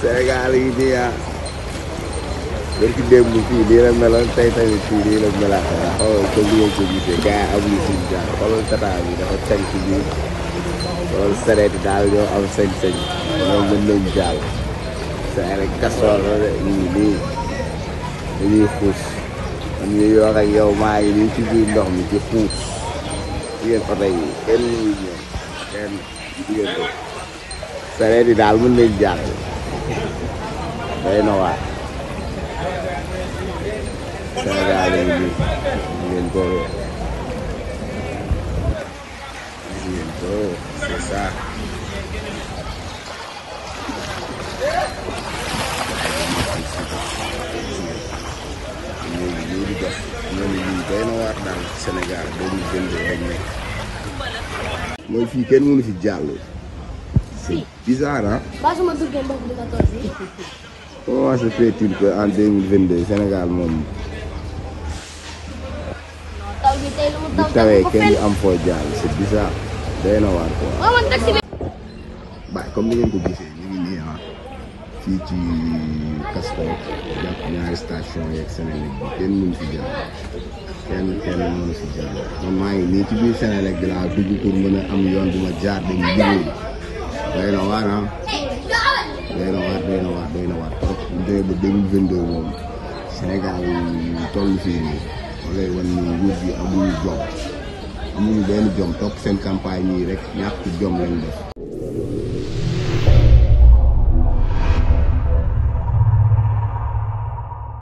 Sénégal yi nii ah. léegi ci démb fii nii la meloon tey tamit fii nii la melaat ah xoolal ko li ko gisee yi amuñu suñu jaar xoolal tata bi dafa de ñu nii dañuy xuus am ñu yoo ak yow maa ngi nii ci biir ndox mi ci xuus jigéen yi kenn mënuñu ñëw kenn jigéen ko daal mën nañu jàll. day na waar Sénégal yi ñu ngeen ko ngeen ko c'est ça léegi lii di dox ñoom lii day na waar daal Sénégal boo ñu jëndee dañ nekk mooy fii kenn mënu fi jàll. c'est bizarre ah. comment se fait-il que en deux mille vingt Sénégal moom. bu tawee kenn du am foo jàll c'est bizarre day na waar quoi. waaw comme ni ngeen ko gisee ñu ngi nii ah fii ci Castor jàpp ñaari station yeeg Sénélec bi kenn mënu fi jàll maa ngi nii ci biir Sénélec bi laa dugg pour mën a am yoon bu ma jaar dañuy day na waar ah. demee ba deux mille vingt fii nii loolay wan ni nguur gi amuñu jom amuñu benn jom topp seen campagne yi rek ñàkk jom lañ def.